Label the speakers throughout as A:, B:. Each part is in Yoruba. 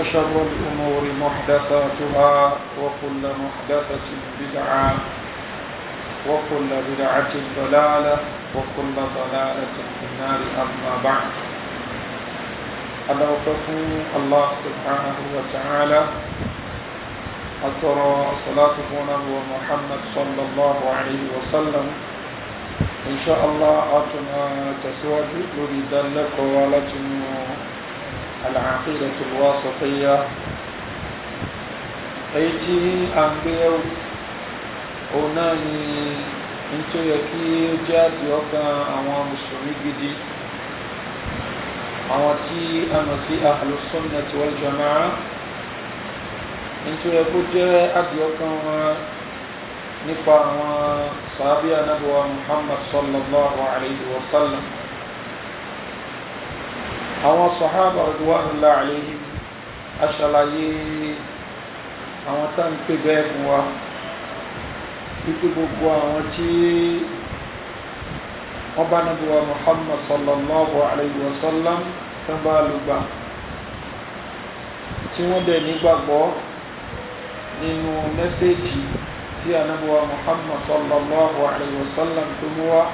A: وشر الأمور محدثاتها وكل محدثة بدعة وكل بدعة ضلالة وكل ضلالة في النار أما بعد ألا أدعوكم الله سبحانه وتعالى أترى صلاة نبو محمد صلى الله عليه وسلم إن شاء الله أتنا تسواجد لك ولتنو العقيدة الواسطية èyí tí a ń gbé ẹ̀wò òun náà ni nítorí yẹ kí ó jẹ́ àti ọkàn àwọn mùsùlùmí gidi àwọn tí a mọ̀ sí ahlus sunnati wal jamaa nítorí yẹ kó jẹ́ àti ọkàn wọn nípa àwọn sàábíà nàbọ̀wá Muhammad sallallahu alayhi wa sallam àwọn sàhábà radwanullahi alayhim aṣàlàyé àwọn tá ń pè bẹ́ẹ̀ fún wa wípé gbogbo àwọn tí wọ́n bá nàbí wa Muhammad sallallahu alayhi wa sallam tó bá lùgbà tí wọ́n dẹ̀ nígbàgbọ́ nínú mẹ́sẹ̀jì tí ànábì wa Muhammad sallallahu alayhi wa sallam tó mú wa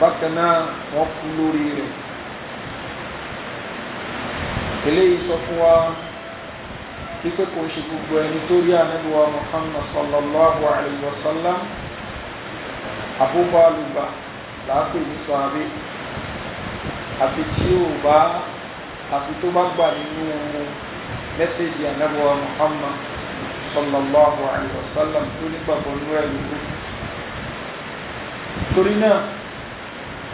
A: bákan náà wọ́n kú lórí rẹ̀ eléyìí sọ fún wa wípé kò ṣe gbogbo ẹni tó rí ànábì wa muhammad sallallahu alayhi wa sallam abúbalùbà láàpẹ̀ ní sàábé àfi tí ó bá àfi tó bá gbà nínú mẹ́sẹ̀jì ànábì wa muhammad sallallahu alayhi wa sallam tó nígbàgbọ́ nínú ẹ̀ torí náà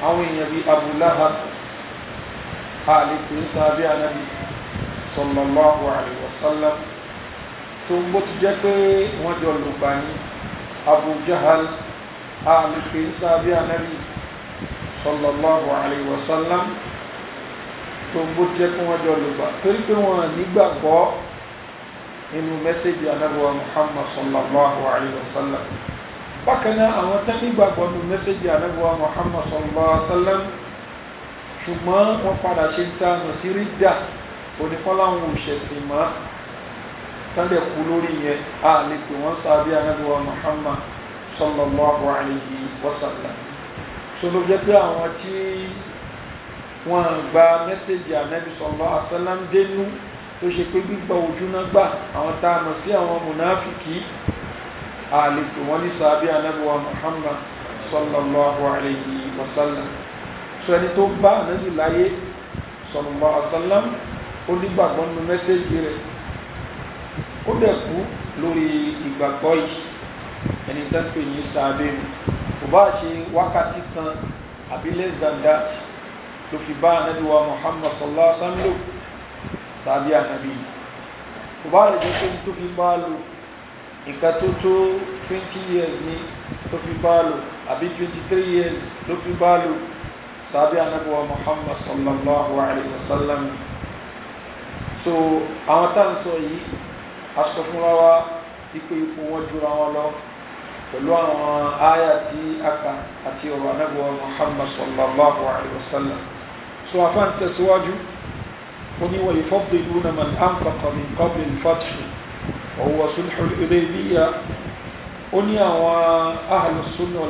A: àwọn èèyàn bíi abúláhà àlè kìí sàábé ànábì sallallahu alayhi wa sallam tó ń bó ti jẹ́ pé wọ́n jọ lùgbà ní Abu Jahal àlùfẹ́ sábí anábì sallallahu alayhi wa sallam tó ń bó ti jẹ́ pé wọ́n jọ lùgbà torí pé wọ́n nígbàgbọ́ nínú mẹ́sẹ̀gì anábìwa Muhammad sallallahu alayhi wa bákan náà àwọn tán nígbàgbọ́ nínú mẹ́sẹ̀gì anábìwa Muhammad sallallahu alayhi wa sallam ṣùgbọ́n padà ṣe ń ta àmọ̀ sí rí onífọ́lá àwọn òṣèṣìn mọ́ tẹ́lẹ̀ kú lórí yẹn a lè pè wọ́n sábí anábíwá Muhammad sallallahu alayhi wa sallam so ló jẹ́ pé àwọn tí wọ́n gba mẹ́sẹ̀gì anábí sallallahu alayhi wa sallam dénú tó ṣe pé gbígba ojú náà gbà àwọn tá a mọ̀ sí àwọn mùnáfìkì a lè pè wọ́n ní sábí anábíwá Muhammad sallallahu alayhi wa sallam ẹni tó bá anábí láyé sallallahu alayhi ó nígbàgbọ́ nínú mẹ́sẹ̀jì rẹ̀ ó dẹ̀ kú lórí ìgbàgbọ́ yìí ẹni tó ń pè ní sábẹ́ mi kò bá ṣe wákàtí kan àbí less ló fi bá anabi wa muhammad sallallahu alaihi wa sallam lò tàbí anabi kò bá rẹ̀ jẹ́ pé tó fi bá lò nǹkan tó tó twenty years ni ló fi bá lò àbí twenty three years ló fi bá lò tàbí anabi wa muhammad sallallahu alaihi wa sallam so àwọn tá à ń sọ yìí aṣọ fúnra wa ipò ipò wọn jura wọn lọ pẹ̀lú àwọn àyà tí a kà àti ọ̀rọ̀ anábọ̀ Muhammad sallallahu alayhi wa sallam so afá ń tẹ̀síwájú ó ní wọ́n yufaddiluna man anfaqa min qabli al-fath wa huwa sulhul Hudaybiyah ó ní àwọn ahlus sunnah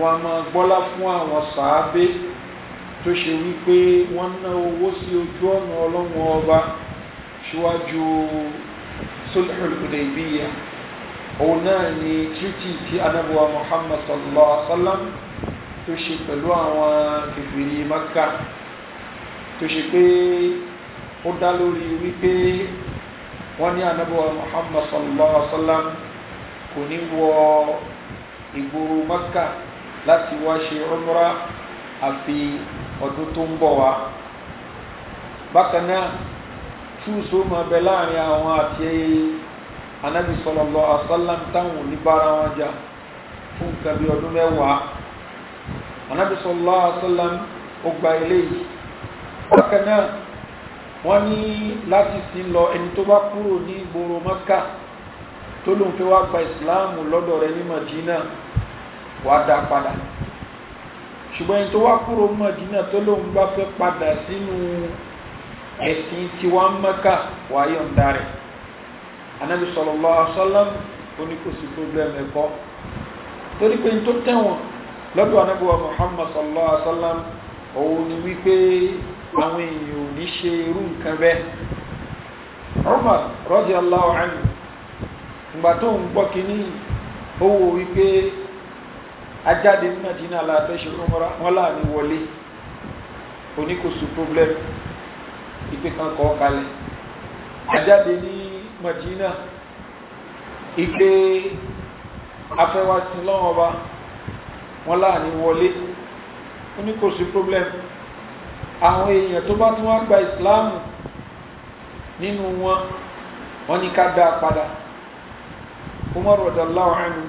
A: wọn máa gbọ́lá fún àwọn sàábé tó ṣe wípé wọ́n ná owó sí ojú ọ̀nà ọlọ́run ọba ṣíwájú sulhul hudaybiyya òun náà ni tírítì tí anábọ̀wá muhammad sallallahu alaihi wa sallam tó ṣe pẹ̀lú àwọn kèfèrí maka tó ṣe pé ó dá lórí wípé wọ́n ní anábọ̀wá muhammad sallallahu alaihi wa sallam kò ní wọ ìgboro maka láti wá ṣe umrah àfi ọdún tó ń bọ̀ wá bákan náà túùsù máa bẹ láàrin àwọn àti anábì sallallahu alaihi wasallam táwọn oníbàárà wọn jà fún nǹkan bí ọdún mẹ́wàá anábì sallallahu alaihi wasallam ó gba eléyìí bákan náà wọ́n ní láti sí lọ ẹni tó bá kúrò ní ìgboro Mẹ́kà tó lóun fẹ́ wá gba ìsìláàmù lọ́dọ̀ rẹ̀ ní Madina wàá dá padà ṣùgbọ́n ẹni tó wá kúrò Mọ̀dínà tó lóun bá fẹ́ padà sínú ẹ̀sìn tiwa Mẹ́kà wáyé ọ̀dà rẹ̀ Ànábì sallallahu alaihi wasallam oníkòsí problem ẹ̀kọ́ torí pé n tó tẹ̀wọ̀n lọ́dọ̀ Ànábì wa Muhammad sallallahu alaihi wasallam òun ni wípé àwọn èèyàn ò ní ṣe irú nǹkan bẹ́ẹ̀ Umar radiyallahu anhu ìgbà tó ń gbọ́ kínní ó wò wípé ajáde ní Madina aláàfẹ́ ṣe umra wọn láàrin wọlé oníkòsù problem ìpè kan kọ́ kalẹ̀ ajáde ní Madina ìpè afẹ́wàsí lọ́wọ́ ọba wọn láàrin wọlé oníkòsù problem àwọn èèyàn tó bá tún wá gba ìsìláàmù nínú wọn wọn ní ká dá a padà Umar radallahu anhu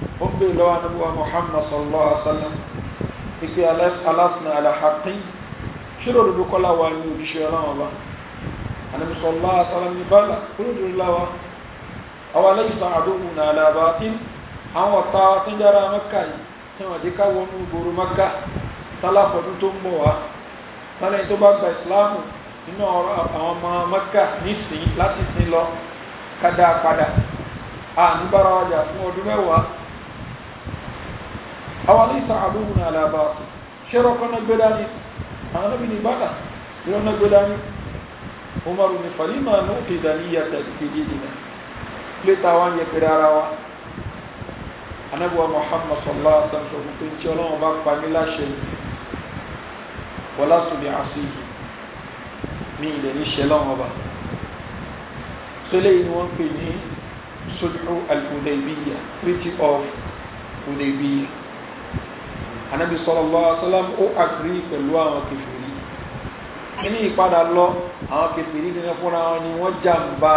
A: ó ń bèèrè lọ́wọ́ nígbà Muhammad sallallahu alaihi wa sallam ìpè alasna alahaqi ṣírò rẹ̀ kọ́lá wa ní òjíṣẹ́ ọlọ́run ọba ànábì sallallahu alaihi wa sallam ní bala olódùrú láwa àwọn aláìsà àdóhù nà àlàbà tí àwọn ọ̀tá tó yára mẹ́kà yìí tí wọ́n jẹ́ káwọn ní ìgboro mẹ́kà tálàfọ́dún tó ń bọ̀ wá tálẹ́yìn tó bá gba ìsìláàmù nínú ọ̀rọ̀ àwọn ọmọ mẹ́kà nísìnyí láti sin lọ kádà padà àníbára wájà fún ọdún mẹ́wàá أوليس عدونا على باطل شرفنا البلاني أنا بني بلا يوم البلاني عمر بن فلما نوقد نية في ديننا لتوان يكرارا anabuwa muhammad sallallahu alaihi wasallam sọ pé tí ọlọ́run bá pa mí láṣẹ wọlá sùn ní àṣìyí ní ilẹ̀ níṣẹ́ lọ́wọ́ bá sọlẹ̀ ni wọ́n pè ní sulhu al-hudaybiyya treaty of hudaybiyya anabi sallallahu alaihi wasallam ó àgírí pẹ̀lú àwọn kẹfìrí nínú ìpadà lọ àwọn kẹfìrí nínú fúnra wọn ni wọ́n jàǹbá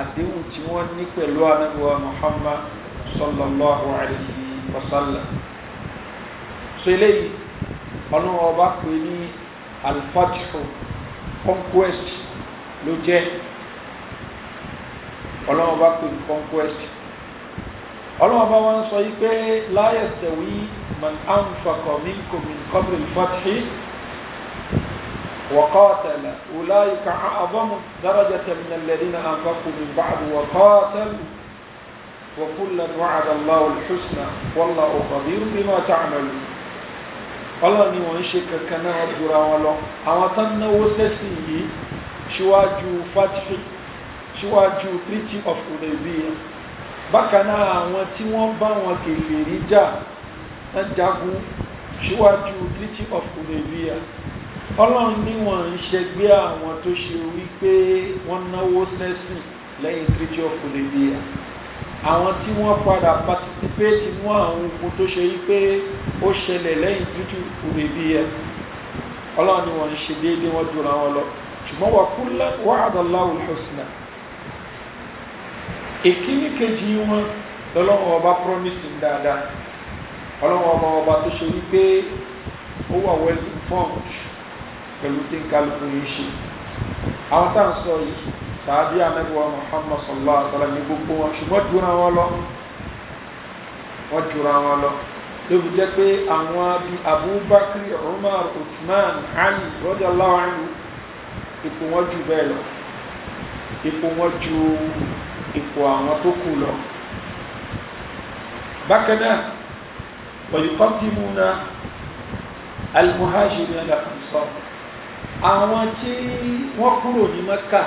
A: àdéhùn tí wọ́n ní pẹ̀lú anabi wa muhammad sallallahu alaihi wasallam so eléyìí ọlọ́run ọba pè ní alfajhu conquest ló jẹ́ ọlọ́run ọba pè ní conquest ọlọ́wọ́n bá wọn sọ yí pé láyé sẹ̀wí man anfakọ̀ minkum min qabl al-fathi وقاتل أولئك أعظم درجة من الذين أنفقوا من بعد وقاتلوا وكلا وعد الله الحسنى والله خبير بما تعملون ọlọ́run ni wọ́n ń ṣe kankan náà jura wọn lọ àwọn treaty of Hudaybiyah bákan náà àwọn tí wọ́n bá wọn kèfèrí jà ń jagun síwájú treaty of Hudaybiyya ọlọ́run ní wọ́n ń ṣẹgbẹ́ àwọn tó ṣe wípé wọ́n náwó sẹ́sìn lẹ́yìn treaty of Hudaybiyya àwọn tí wọ́n padà participate mú àwọn ogun tó ṣe wípé ó ṣẹlẹ̀ lẹ́yìn treaty of Hudaybiyya ọlọ́run ní wọ́n ń ṣe déédéé wọ́n dúra wọn lọ ṣùgbọ́n wà kullan wa'ada Allahu al èkíní kejì wọn lọ́lọ́wọ́ ọba promise dáadáa ọlọ́wọ́ ọba ọba tó ṣe wípé ó wà well informed pẹ̀lú tí nkálukú yìí ṣe àwọn tá à ń sọ yìí tàbí amẹ́wàá Muhammad sallallahu alaihi wa sallam ní gbogbo wọn ṣùgbọ́n jura wọn lọ wọ́n jura wọn lọ lóbi jẹ́ pé àwọn bí Abubakar Umar Uthman Ali radiyallahu anhu ipò wọn jù bẹ́ẹ̀ lọ ipò wọn jù ipò àwọn tó kù lọ bákanáà wọ̀yíkọ́tìmúna alimuhajiri alakunsọ àwọn tí wọ́n kúrò ní mẹ́kà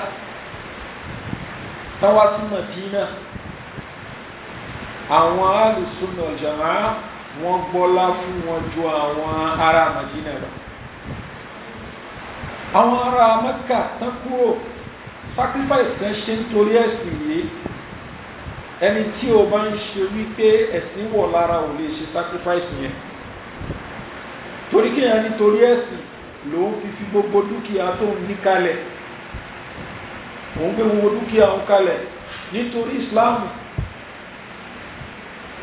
A: táwa sí madina àwọn alùsùnà jamaa wọ́n gbọ́lá fún wọn ju àwọn ará madina lọ àwọn ará mẹ́kà tán kúrò sacrifice tẹ́ ṣe nítorí ẹ̀sìn yìí ẹni tí o bá ń ṣe wípé ẹ̀sìn wọ̀ lára ò lè ṣe sacrifice yẹn torí kéèyàn nítorí ẹ̀sìn ló ń fífi gbogbo dúkìá tó ń ní kalẹ̀ òun gbé gbogbo dúkìá òun kalẹ̀ nítorí Islam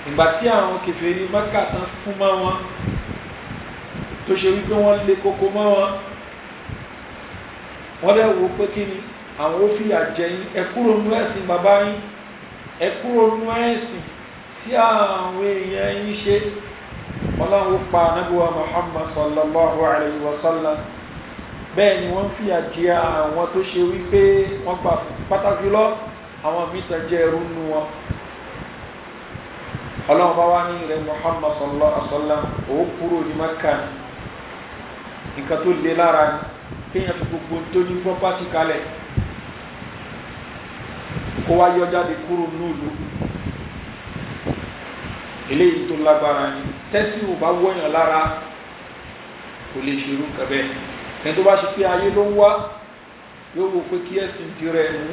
A: ìgbà tí àwọn kèfèrí Mẹ́kà tán fún mọ́ wọn tó ṣe wípé wọ́n lé koko mọ́ wọn wọ́n dẹ̀ wò pé kí ni àwọn ó fìyà jẹ yín ẹ kúrò nú ẹ̀sìn bàbá yín ẹ kúrò nú ẹ̀sìn tí àwọn èèyàn yín ṣe ọlọ́run pa anábíwá Muhammad sallallahu alayhi wa sallam bẹ́ẹ̀ ni wọ́n fìyà jẹ àwọn tó ṣe wípé wọ́n gbà pàtàkì lọ àwọn mítà jẹ́ ẹrú nú wọn ọlọ́run bá wá ní ilẹ̀ Muhammad sallallahu alayhi wa sallam òun kúrò ní Mẹ́kà nǹkan tó le lára ni kéèyàn fi gbogbo tó ní pọ́pátì kalẹ̀ kó wá yọ jáde kúrò nílùú eléyìí tó lágbára ni tẹ́sí ò bá wọ̀yàn lára kò lè ṣerú kẹbẹ́ ẹni tó bá ṣe pé ayé ló ń wá yóò wò pé kí ẹ̀sìn ti rẹ̀ mú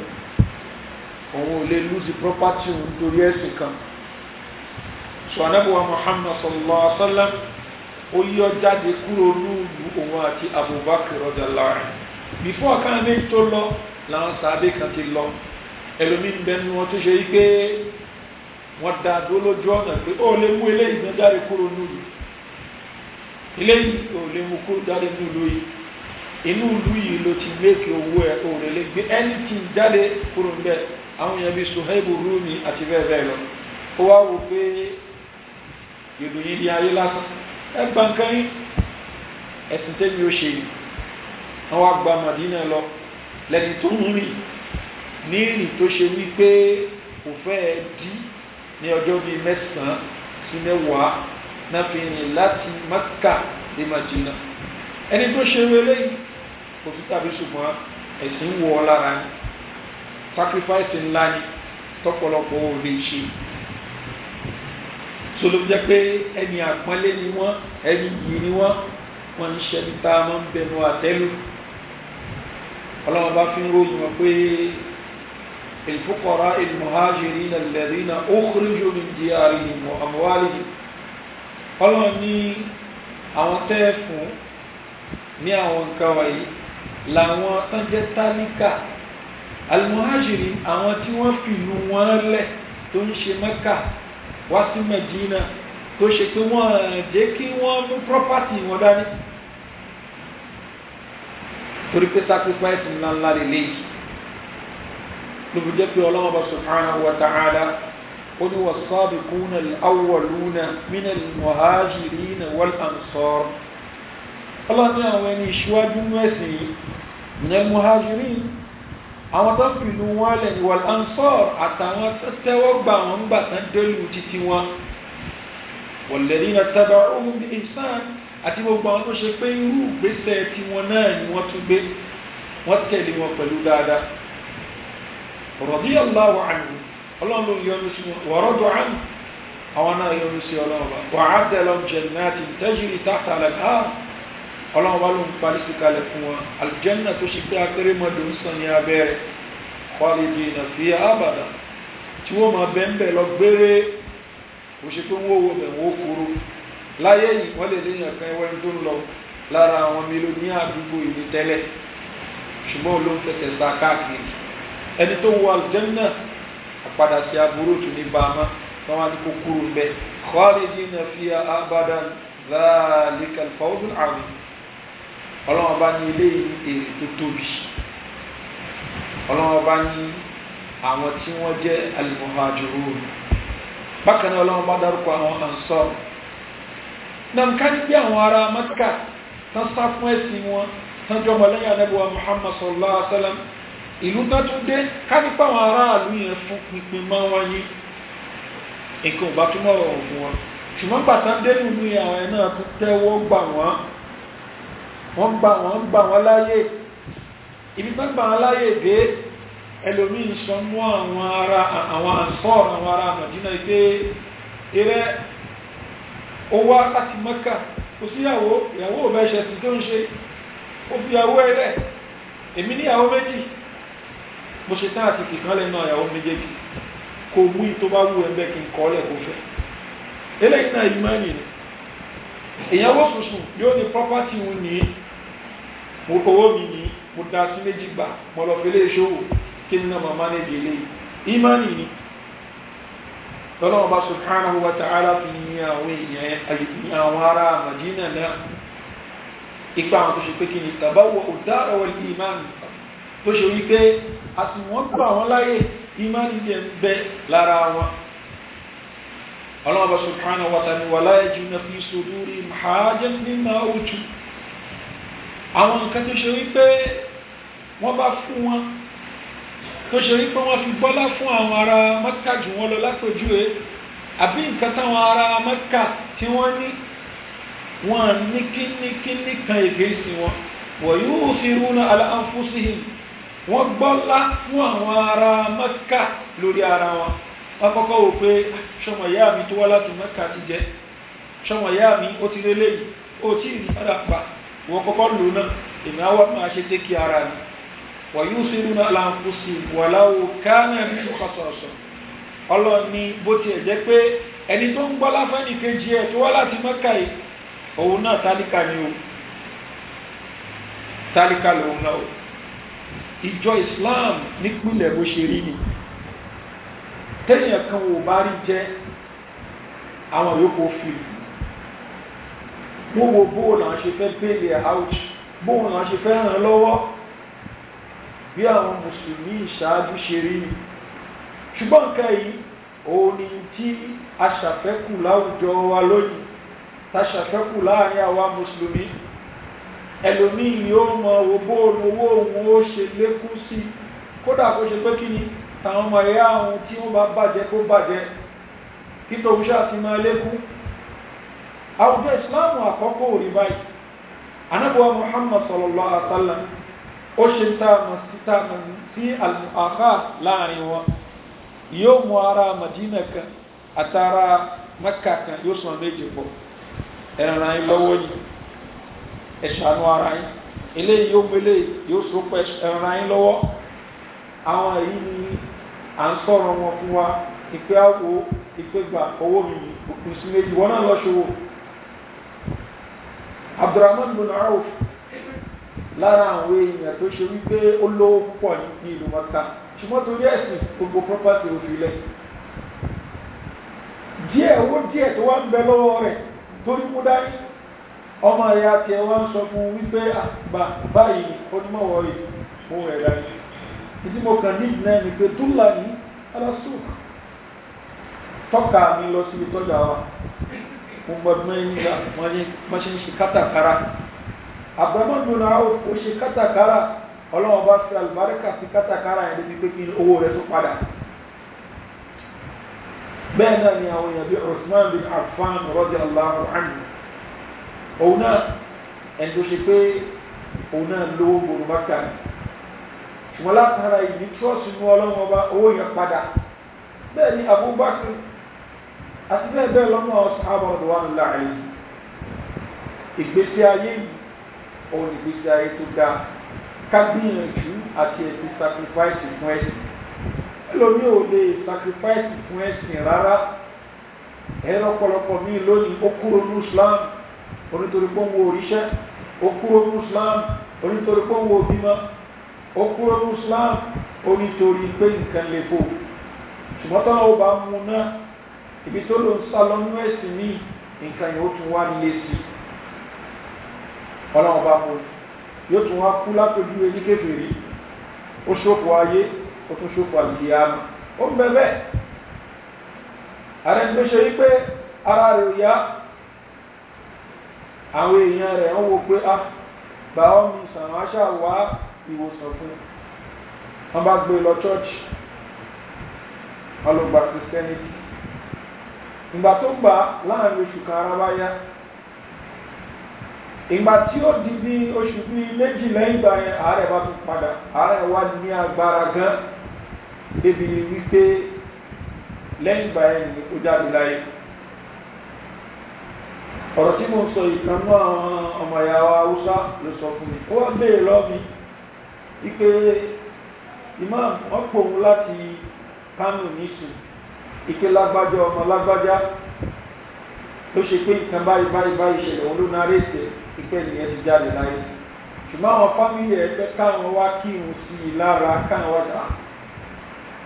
A: òun ò lè lùsì property òun torí ẹ̀sìn kan sọ anábùwà Muhammad sallallahu alaihi wa sallam ó yọ jáde kúrò nílùú òun àti Abubakar radiyallahu anhu bífọ́ àkànnì tó lọ làwọn sàábé kan ti lọ ẹlòmí ń bẹnu wọn tó ṣe yí pé wọ́n da dúró lójú ọ̀nà pé ó lè mú eléyìí náà jáde kúrò nílùú eléyìí ó lè mú kúrò jáde nílùú yìí inú ìlú yìí ló ti méèkì owó ẹ̀ ó lè lè gbé ẹnìtì jáde kúrò níbẹ̀ àwọn èèyàn bíi Suhaibu Rumi àti bẹ́ẹ̀ bẹ́ẹ̀ lọ ó wá wò pé yòdò yìí ní ayé lásán ẹ gba nǹkan yín ẹ̀sìn tẹ́mi ó ṣe yìí wọ́n wá gba Madina lọ lẹ́ni tó ń rìn ní ìrìn tó ṣe wípé kò fẹ́ ẹ dí ní ọjọ́ bíi mẹ́sàn-án sí mẹ́wàá náà fi rìn láti Mẹ́kà dé Màdínà ẹni tó ṣe wẹlé kò sí tàbí ṣùgbọ́n ẹ̀sìn wọ ọ lára ni sacrifice ńlá ni tọ́pọ̀lọpọ̀ ò lè ṣe sọlọ́bù jẹ́ pé ẹni àpọ́nlé ni wọ́n ẹni yìí ni wọ́n wọ́n ń ṣe níta máa ń bẹnu àtẹ́lù ọlọ́run bá fi ń ròyìn wọn pé الفقراء المهاجرين الذين أخرجوا من ديارهم وأموالهم ọlọ́run ní àwọn tẹ́ fún ní àwọn nǹkan wáyé làwọn tán jẹ́ tálíkà alimuhajiri àwọn tí wọ́n fìlú wọn lẹ̀ tó ń ṣe mẹ́kà wá sí Medina tó ṣe pé wọ́n jẹ́ kí wọ́n mú property wọn dání torí pé sacrifice ńláńlá lè léyìí lóbi jẹ́ pé ọlọ́wọ́ bá subhanahu wa ta'ala ó ní was-sabiquna al-awwaluna min al-muhajirin wal-ansar ọlọ́ni àwọn ẹni ìṣíwájú mẹ́sìn yìí min al-muhajirin àwọn tó fi ìlú wọn lẹ̀ ní wal-ansar àtàwọn tẹ́wọ́ gbà wọn gbà tán délù títí wọn walladhina taba'uhum bi ihsan àti gbogbo àwọn tó ṣe pé irú ìgbésẹ̀ tiwọn náà ni wọ́n tún gbé wọ́n tẹ̀lé wọn pẹ̀lú dáadáa radiyallahu anhu ọlọ́run yọ́nú sí wọn wọ́rọ́dọ̀ àmì àwọn náà yọ́nú sí ọlọ́run bá wà á dẹ̀ lọ́m jannati tajri tahta al-anhar ọlọ́run bá ló ń parí sí kalẹ̀ fún wọn aljanna tó ṣe pé akérèmọdò ń sàn ní abẹ́rẹ́ khalidina fiha abada tí wọ́n máa bẹ́ńbẹ́ lọ gbére kò ṣe pé wọ́n wo bẹ̀ wọ́n kúrú láyé yìí wọ́n lè léyìn ọ̀kan ẹwẹ́ tó ń lọ lára àwọn mélòó ní àdúgbò ìlú tẹ́lẹ̀ ṣùgbọ́n olóńtẹ̀tẹ̀ sá káàkiri ẹni tó wọ aljanna àpadà sí aburú tún ní bàmá wọn wá ní kó kúrò ń bẹ khalidina fiha abadan dhalika al-fawzul azim ọlọ́wọ́n bá ní ilé èrè tó tóbi ọlọ́wọ́n bá ní àwọn tí wọ́n jẹ́ al-muhajirun bákan náà ọlọ́wọ́n bá dárúkọ àwọn ansar nàmká ní bí àwọn ará Mẹ́kà tán sá fún ẹ̀sìn wọn tán jọmọ lẹ́yìn anábíwá Muhammad sallallahu alaihi wa sallam ìlú tán tún dé ká nípa àwọn aráàlú yẹn fún pinpin máa wáyé nǹkan ò bá túmọ̀ ọ̀gùn wọn ṣùgbọ́n gbàtà dénú ní àwọn ẹ̀ náà tún tẹ́wọ́ gbà wọ́n wọ́n gbà wọ́n gbà wọ́n láyè ibi tán gbà wọ́n láyè dé ẹlòmíín sọ mú àwọn ará àwọn àǹsọ́ọ̀rọ̀ àwọn ará Mádínà pé eré ó láti Mẹ́kà kò síyàwó ìyàwó ò bẹ́ ṣe sí tó ń ṣe ó fi ìyàwó ẹ̀ rẹ̀ èmi níyàwó méjì mo ṣe tán àti kìkan lẹ́nu àyàwó méjèèjì kò mú ìtò bá wù ẹ́ bẹ́ẹ̀ kí n kọ́ lẹ̀ kó fẹ́ eléyìí náà yìí máa ń yìí ìyàwó sùsù yóò ní property wù ní mo owó mi ní mo da sí méjì gbà mo lọ fi léṣe òwò kí ni náà máa manage eléyìí ìmánì ni lọ́lọ́wọ́ bá subhanahu wa ta'ala fi ní àwọn èèyàn àyíkúnyà àwọn ará Madina náà ipa àwọn tó ṣe pé kí ni tàbáwọ̀ ọ̀dá ọ̀wọ̀ ìmánì tó ṣe wípé àsìwọ́n gbà wọ́n láyè ìmáàlì jẹ́ ń bẹ lára wọn ọlọ́mọba subhanahu wa ta'ala wala yajiduna fi sudurihim hajatan mimma utu àwọn nǹkan tó ṣe wípé wọ́n bá fún wọn tó ṣe wípé wọ́n fi gbọ́lá fún àwọn ará Mẹ́kà jù wọ́n lọ lápèjúwe àbí nǹkan táwọn ará Mẹ́kà tí wọ́n ní wọ́n ní kíníkíní kan ìgbésí wọn wa yusiruna ala anfusihim wọ́n gbọ́lá fún àwọn ará mẹ́kà lórí ara wọn wọ́n kọ́kọ́ wò pé ah, ṣọmọ ìyá mi tó wá láti mẹ́kà ti jẹ́ ṣọmọ ìyá mi ó ti lélẹ̀ yìí ó tí ì padà pa wọ́n kọ́kọ́ lò náà èmi á wá máa ṣe tẹ́kì ara mi wọ́n yóò ṣe irun aláǹkóṣe wàláwo kánà ní ìkọsọ̀ọ̀sọ̀ ọlọ́ọ̀ni bó tiẹ̀ jẹ́ pé ẹni tó ń gbọ́lá fẹ́ni kejì ẹ̀ tó wá láti mẹ́kà yìí òun náà tálíkà ni o tálíkà lòun náà ìjọ islam nípìnlẹ̀ bó ṣe rí ni téèyàn kan ò bá rí jẹ àwọn yòókù fi wọ́n wo bóòlù àwọn ṣe fẹ́ bẹ́ẹ̀lì àwùjọ bóòlù àwọn ṣe fẹ́ ràn lọ́wọ́ bí àwọn mùsùlùmí ìṣáájú ṣe rí ni ṣùgbọ́n nǹkan yìí òun ni tí aṣàfẹ́kù láwùjọ wa lónìí tàṣàfẹ́kù láàrin àwa mùsùlùmí ẹlòmíì yóò mọ owó bóòlù owó òun ó ṣe lékún sí kódà kó ṣe pé kí ni tàwọn ọmọ ẹ̀yà àwọn tí wọ́n bá bàjẹ́ kó bàjẹ́ kí tòun ṣáà ti máa lékún àwùjọ ìsìláàmù àkọ́kọ́ ò rí báyìí anábọ̀wá Muhammad sallallahu alaihi wasallam ó ṣe táàmù sí táàmù sí àlùfáà láàrin wọn yóò mú ara Madina kan àtàrà Mẹ́kà kan yóò sọ méjì pọ̀ ẹ̀ràn ìlọ́wọ́ yìí ẹ̀ṣánú ara yín eléyìí yóò gbélé yóò so pẹ́ ẹran yín lọ́wọ́ àwọn èyí ni à ń sọ̀rọ̀ wọn fún wa ìpè àwò ìpè gbà owó mi òkú sí méjì wọn náà lọ ṣòwò Abdurrahman bin Auf lára àwọn èèyàn tó ṣe wípé ó lówó púpọ̀ ní ìlú mọ́ta ṣùgbọ́n torí ẹ̀sìn gbogbo property òfin lẹ̀ díẹ̀ owó díẹ̀ tó wá ń bẹ lọ́wọ́ rẹ̀ torí mú dání ọmọ ẹ̀yà tí ẹ wá ń sọ fún wípé àgbà báyìí onímọ̀wọ̀ yìí mo rẹ̀ rà yìí ìdí mo kàn ní ìdílé mi pé túlà ní alásùk tọ́ka mi lọ síbi tọ́jà wa mo gbọdọ̀ mẹ́yìn nígbà wọ́n ṣe ń ṣe kátàkárà àbúrámọ́dún náà ó ṣe kátàkárà ọlọ́wọ́n bá fi àlùbáríkà sí kátàkárà yẹn níbi pé kí owó rẹ̀ tó padà bẹ́ẹ̀ náà ni àwọn èèyàn bíi Usman bin Affan radiyallahu anhu òun náà ẹni tó ṣe pé òun náà lówó gbòòrò mọ́kà ni ṣùgbọ́n látara ìní trọ́ọ̀sì ní ọlọ́run ọba owó yẹn padà bẹ́ẹ̀ ni Abubakar àti bẹ́ẹ̀ bẹ́ẹ̀ lọ́nà ọ̀sáàbọ̀ ọ̀dọ̀wánu láàrin ìgbésí ayé òun ìgbésí ayé tó ga kágbìyànjú àti ẹ̀sìn sacrifice fún ẹ̀sìn ẹlòmí ò lè sacrifice fún ẹ̀sìn rárá ẹ̀rọ ọ̀pọ̀lọpọ̀ míì lónìí ó kúrò ní Islam onítorí pé òun òríṣẹ́ ó kúrò ní islam onítorí pé òun òbímọ ó kúrò ní islam onítorí pé nǹkan lè fò ṣùgbọ́n tó náà ó bá mú náà ibi tó ló ń sá lọ nínú ẹ̀sìn ní nǹkan yóò tún wá nílé sí ọlọ́run bá mú yóò tún wá kú látòjú ẹni kékeré ó ṣòfò ayé ó tún ṣòfò àlùyàmù ó ń bẹ bẹ́ẹ̀ ààrẹ tó ṣe wípé ara rẹ̀ ò yá àwọn èèyàn rẹ̀ ń wo pé ah bàá mi sàrán aṣá wá ìwòsàn fún wọn bá gbé e lọ chọ́ọ̀chì wọn christianity ìgbà tó gbà láàrin oṣù kan ara bá yá ìgbà tí ó di bí oṣù bí méjì lẹ́yìn ìgbà yẹn bá tún padà ní agbára gan wípé lẹ́yìn ìgbà yẹn ni ó jáde ọ̀rọ̀ tí mo sọ ìkan àwọn ọmọ ìyá haúsá sọ fún mi ó wá béèrè lọ́mi wípé imam wọ́n pòun láti kánò nísìn ike lágbájá ọmọ lágbájá ló ṣe pé nǹkan báyìí báyìí báyìí ṣẹlẹ̀ òun ló narí ètè ìpẹ́ nìyẹn ti jáde láyé ṣùgbọ́n àwọn fámìlì ẹ̀ fẹ́ káwọn wá kírun sí i lára káwọn wá dà ah.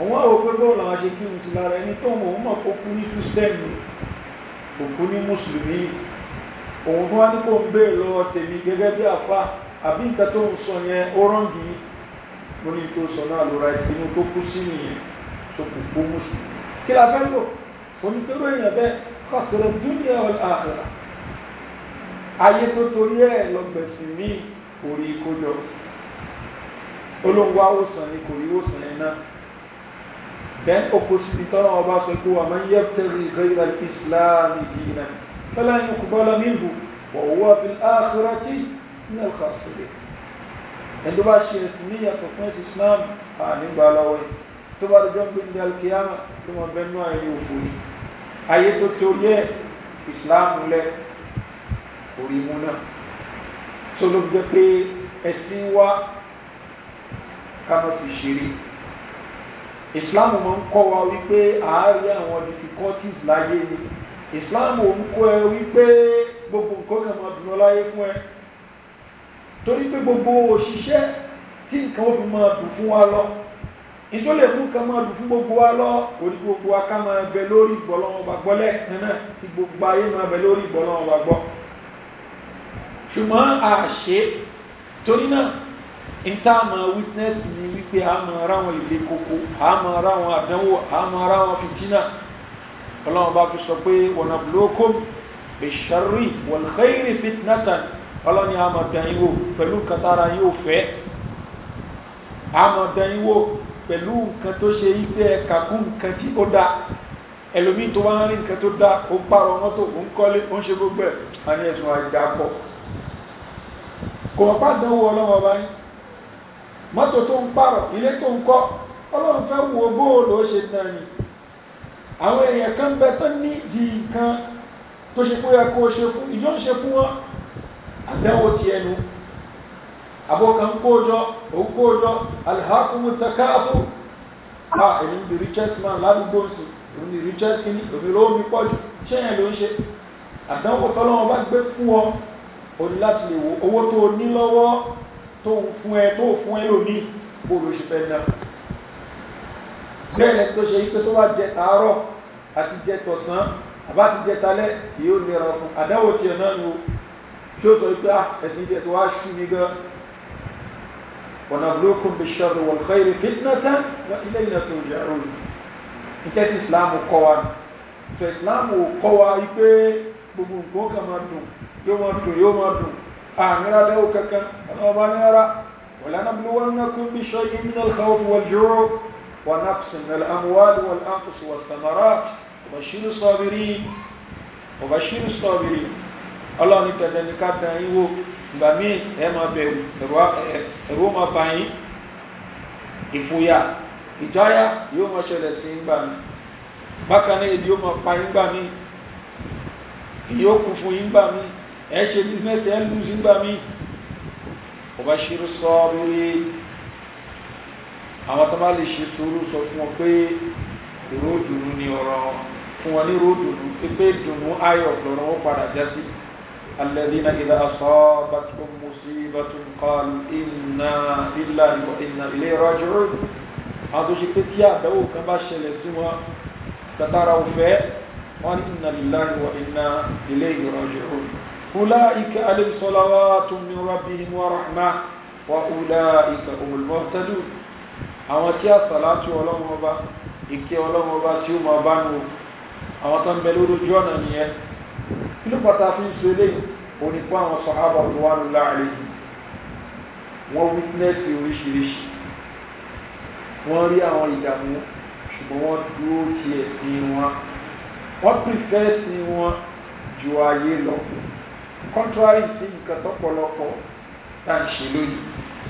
A: òun àwọn òpé bóun làwọn ṣe kírun sí i lára ẹni tó mọ̀ kó kú òun fún wa ní kò ń béèrè lọ́wọ́ tèmi gẹ́gẹ́ bí àfa àbí nǹkan tó ń sọ yẹn ó rọ́ǹgì mo ní tó sọ náà lóra ìpinnu tó kú sí nìyẹn tó kù kó mùsùlùmí kí la fẹ́ lò onítọ́rọ èèyàn bẹ́ẹ̀ kọ̀sọ̀rọ̀ dúnìá àhẹ̀rà ayé tó torí ẹ̀ lọ́gbẹ̀sìn mí orí kójọ olóńgbò awòsàn ni kò rí wòsàn yẹn náà bẹ́ẹ̀ ó kó síbi tọ́lọ́wọ́ bá sọ pé wà máa ń yẹ́ tẹ́lẹ̀ ìgbéyàwó islam ìdí فلا يقبل منه وهو في الآخرة من الخاسرين ẹ̀dọ́ bá ṣe ẹ̀sùn ní ìyàtọ̀ fún ẹ̀sùn islam ànígbà aláwọ̀ ẹ̀ tó bá dọjọ́ ń gbẹ̀ndẹ̀ alkiyama tó mọ̀ bẹ́ẹ̀ náà ayé òfò yìí ayé tó torí ẹ̀ islam lẹ̀ orí mu náà tó ló jẹ́ pé ẹ̀sìn wa ká má fi ṣeré islam máa ń kọ́ wa wípé àárín àwọn difficulties láyé ni Islamu ò ń kó ẹ wípé gbogbo nǹkan kan máa dùn láyé fún ẹ torí pé gbogbo òṣìṣẹ́ tí nǹkan ó fi máa dùn fún wa lọ ìjọ lè mú nǹkan máa dùn fún gbogbo wa lọ orí gbogbo wa máa bẹ lórí ìgbọ̀lọ́wọ́ bá gbọ́ lẹ́ẹ̀kan tí gbogbo ayé máa bẹ lórí ìgbọ̀lọ́wọ́ bá gbọ́ ṣùgbọ́n àṣe torí náà ìta máa witness ni wípé a máa ráwọn ìlé koko a máa ráwọn àdánwò a máa ráwọn fìtínà ọlọ́run bá fi sọ pé wọ̀nà lókòm ìṣàrí wọ̀lẹ́rì fitnatan ọlọ́ni àmọ̀dányíwò pẹ̀lú kàtàrà yóò fẹ́ àmọ̀dányíwò pẹ̀lú nǹkan tó ṣe ife ẹ̀ka kún nǹkan tí ó dá ẹlòmí tó wá ń rí nǹkan tó dá ó pààrọ̀ mọ́tò ó ń kọ́lé ó ń ṣe gbogbo ẹ̀ a ní ẹ̀sùn àjà pọ̀ kò wọ́n bá dánwò ọlọ́run ọba yín mọ́tò tó ń pààrọ̀ ilé tó ń kọ́ ọlọ́run fẹ́ wo bóòlù ó ṣe tán ni àwọn èèyàn kan bẹ tó ní di nǹkan tó ṣe kó yẹ kó ṣe fún ìjọ ń ṣe fún wọn àdánwò ti ẹnu abokan kójọ òun alhakumu takafu a èmi ń di richest man ládùúgbò sí èmi ń di richest kìíní èmi ló mi pọ̀jù ṣé yẹn ló ń ṣe àdánwò tọ́lọ́wọ́ bá gbé fún ọ o ní láti lè wo owó tó o ní lọ́wọ́ tó fún ẹ tó fún ẹ lónìí bó o ló ṣe fẹ́ náà bẹ́ẹ̀ tó ṣe yípe tó bá jẹ àárọ̀ àti jẹ tọ̀sán àbá ti jẹ talẹ́ yóò nira fún àdáwò tiẹ̀ náà ni o tí ó sọ pé ah, ẹ̀sìn jẹ tó wá ṣú mi gan ọ̀nà bulókùn bí ṣọ́ọ̀rù wal khayri fitnatan wa ilayna turja'un níta tí islam kọ́ wa tó islam kọ́ wa wípé gbogbo nǹkan kan máa dùn yóò máa dùn yóò máa dùn àmìlá dáwò kankan ọ̀nà ọba ní ara wa lanabluwannakum bi shay'in min al-khawfi wal ونقص من الأموال والأنفس والثمرات وبشر الصابرين وبشر الصابرين ọlọ́run ní tẹ̀lé ní ká tẹ̀ yín wò ìgbà míì ẹ máa bẹ̀rù ẹ̀rù máa bá yín ìfòyà ìjáyà yóò máa ṣẹlẹ̀ sí yín gbà mí bákan náà èdè yóò máa pa yín gbà mí yóò kún fún yín gbà mí ẹ ṣe bísíǹnẹ́sì ẹ lùzí gbà mí ọba ṣírú sọ́ọ́ lórí àwọn tó bá lè ṣe sùúrù sọ fún wọn pé ròdùnú ni ọ̀rọ̀ wọn fún wọn ní ròdùnú pé dùnú ayọ̀ lọ́rọ̀ wọn padà já sí alẹ́dínà ìdá aṣọ bàtún musibatun qalu inna lillahi wa inna ilayhi raji'un àwọn tó ṣe pé tí àdánwò kan bá ṣẹlẹ̀ sí wọn tàtàrà òfẹ́ wọn ní inna lillahi wa inna ilayhi raji'un أولئك عليهم صلوات من ربهم ورحمة وأولئك هم àwọn tí àsàlátù ọlọ́run ọba ìkẹ́ ọlọ́run ọba tí ó máa bá nù àwọn tó ń bẹ lórí ojú ọ̀nà nìyẹn kí ló pàtà fi ń so eléyìí òní fún àwọn sàhábà tó wà lọ́la rẹ̀ wọ́n wítínẹ́sì oríṣiríṣi wọ́n rí àwọn ìdààmú ṣùgbọ́n wọ́n dúró ti ẹ̀sìn wọn wọ́n pìfẹ́ ẹ̀sìn wọn ju ayé lọ contrary sí nǹkan tọ́pọ̀lọpọ̀ tá à ń ṣe lónìí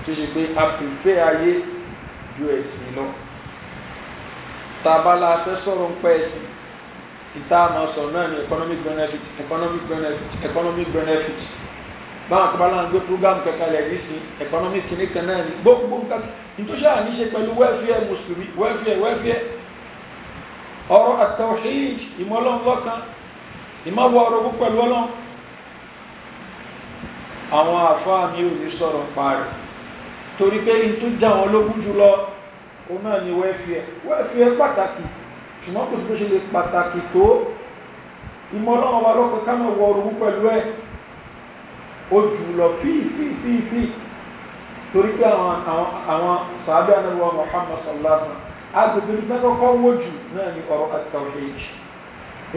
A: tó ṣe pé a pìfẹ́ ayé ju ẹ̀sìn lọ tabala fẹ́ sọ̀rọ̀ ń pẹ́ ẹ̀sìn ìta àmọ́ sọ̀rọ̀ náà ní economic benefit economic benefit economic benefit báwọn àtàbálà ń gbé program kẹkẹlẹ̀ yìí sí economic kìíní kan náà ní gbogbo nǹkan nítorí àà ní ṣe pẹ̀lú welfare mùsùlùmí welfare welfare ọ̀rọ̀ àtọ̀hìj ìmọ̀lọ́nlọ́kan ìmọ̀wọ́ ọ̀rọ̀ púpọ̀ pẹ̀lú ọlọ́run àwọn àfáà mi ò ní sọ̀rọ̀ ń parí torí pé n tó já wọn lógún jùlọ òun náà ni wẹ́fìẹ́ wẹ́fìẹ́ pàtàkì ṣùgbọ́n kò sí bó ṣe lè pàtàkì tó ìmọ̀ ọlọ́run wa lọ́kọ̀ ká máa wọ orogún pẹ̀lú ẹ̀ ó jùlọ fífífífí torí pé àwọn àwọn sàábẹ́ anáwó Muhammad sallallahu alaihi wasallam agbègbè nígbà kọ́kọ́ wó jù náà ni ọ̀rọ̀ at-tawhid